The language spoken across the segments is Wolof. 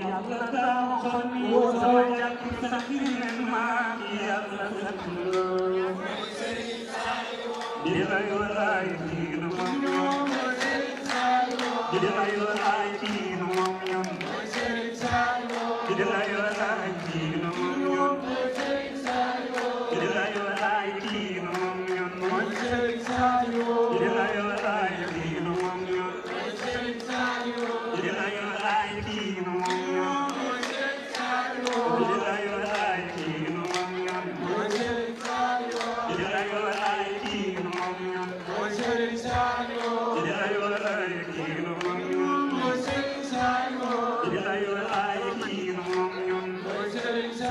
yàlla daa waxoon ni sama jàpp sax di leen maam yàlla sant loo di la yor ay diin moom ñoom di la yor ay diin moom ñoom di la yor ay diin moom ñoom di la yor ay diin moom ñoom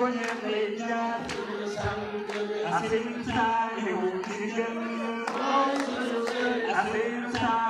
boñe lay jaar asay saaliw ci gën asay saaliw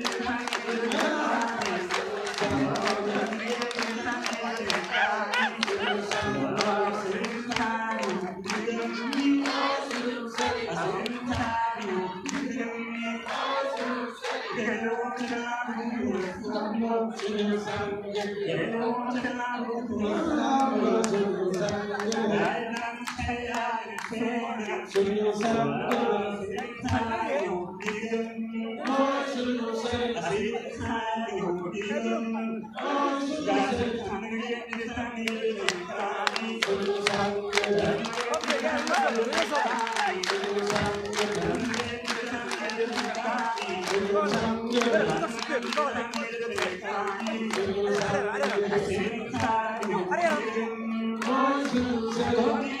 sunu sant xaayu digal moo sunu sant xaayu digal moo sunu sant xaayu digal moo sunu sant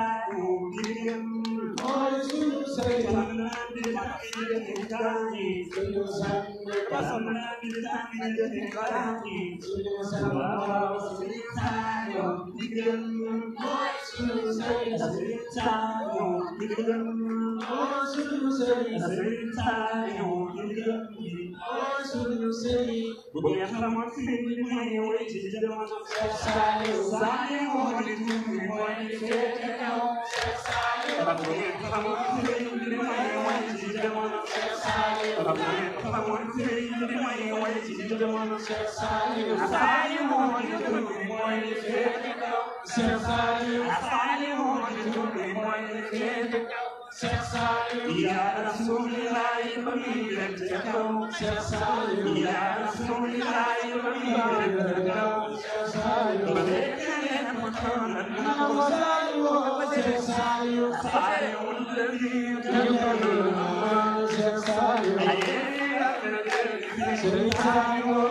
ma jëli kalaaki suñu sabaw suñu saayo di gën mooy suñu sëriñ suñu saayo di gën mooy suñu sëriñ suñu saayo di gën mooy suñu sëriñ bu dee xarama fi mooy way ci jamono saayo saayo moo di tuuti mooy di féete kaw saayo bu dee xarama fi mooy way ci jamono يا رسول الله قبيلة جو يا رسول الله قبيلة جو بدأت لنا مكانا وسالوا وسالوا الذي تدعو Sëriñ Saliou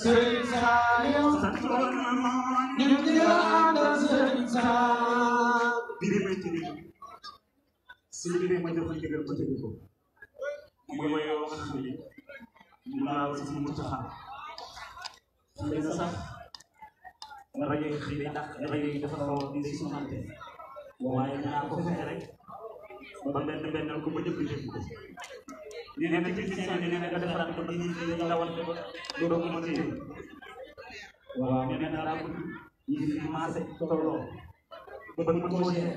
Serigne Saliou ñun ñu àndal Serigne Saliou bi bi may tëjee si bi may ma jox la jëgal ba tëjee ko mooy mooy yoo xam ne mun naa la sax mu taxaw xëy na sax rajo yi xëy na ndax rajo yi dafa xaw a di sonante waaye naa ko fexe rek ba benn benn ko ba ñëpp dégg ko lii de ci seen lii de nga defaraat ko lii ñu ndawal ko doo doo ko mën a téye waaw ñu ne naa ko ñu ngi maase tolloo ba ba mu ko jëlee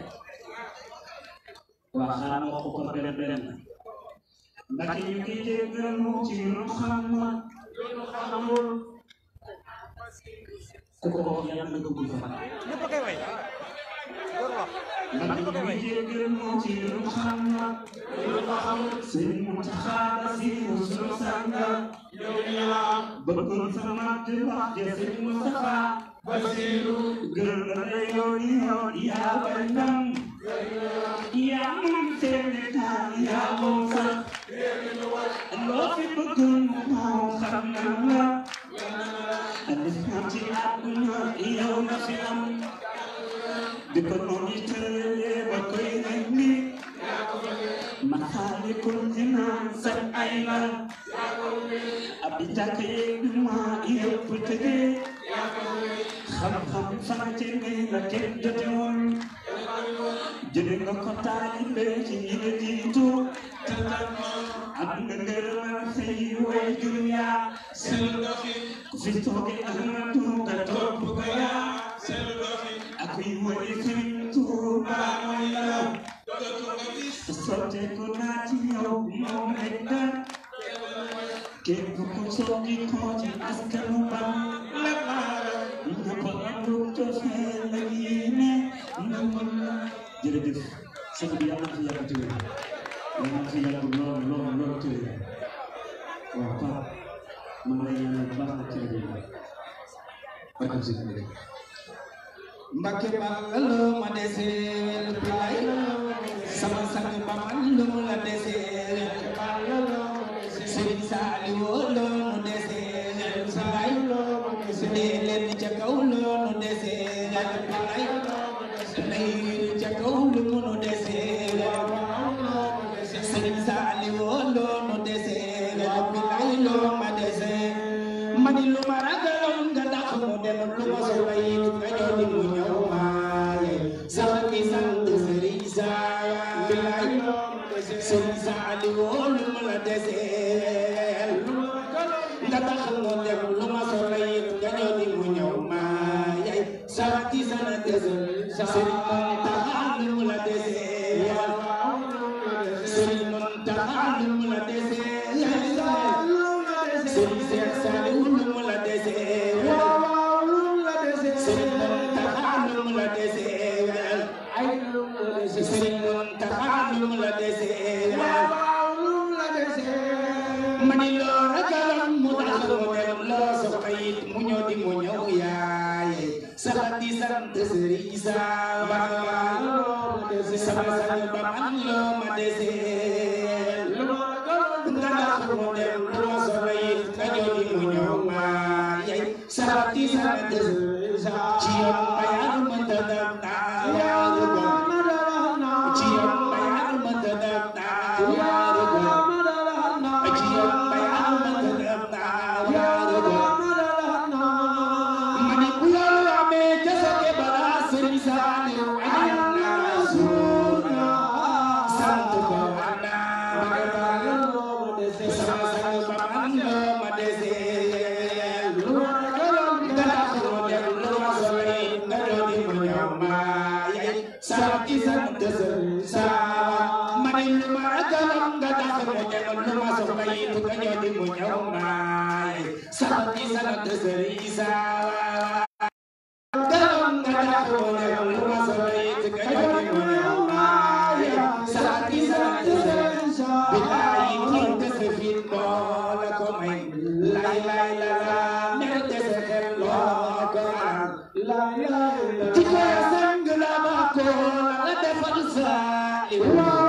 waaw xanaa ma ko kon benn benn ndax ñu ngi jéggalu ci lu xam ma lu xamul ku ko wax yàlla nga gudd fa man de bu jégal moo ci lu xam na lu ko xamul sëriñ Muntaxa Basiru sunu sanga yow ñu la am bëggoon sama di wax ja sëriñ Muntaxa Basiru gërëm la ne yow yow yaa bay ndam yaa moom seeni taal yaa moom sax loo fi bëggoon mu taw xam na la ci àdduna yow na fi am di ko noonu يكن إمام سرعيلا أبي تاكي ما يوب تدي خم خم سمعتني لكن جدول جدول كتاري بيجي يديتو am na ngërëm say way jur yaa. seen doxin. ku fi toogee ak jërëjëf sëñ bi yàlla na fi yàlla tëjee yàlla na fi yàlla lool lool lool tëjee waaw Pape maa ngi lay ñaanal bu baax ci rajo bi. waaw sëñ bi rek. Mbacke Balla la ma deseel bilaay sama sang ba man la mu la deseel Balla la Serigne Saliou laaj sëriñ Saali woo lu ma la deseel nga tax nga dem lu ma soxla yit nga ñëw ni mu ñëw maa yaay sama ci sana deseel sëriñ mu dem roosoo yi ka jooji mu ñëw maa yey sabati sabatis mooy mu ñëw maay sant yi sant Sëriñ Isa garam nga taxoo rew lu ma sori te ka joxe mu ñëw maay sant yi sant Sëriñ Isa bilaayi kin te sa fin moo la ko may lay lay la la mel te sa xel loo ko am lay lay la ci ko sang la ma ko la defal saa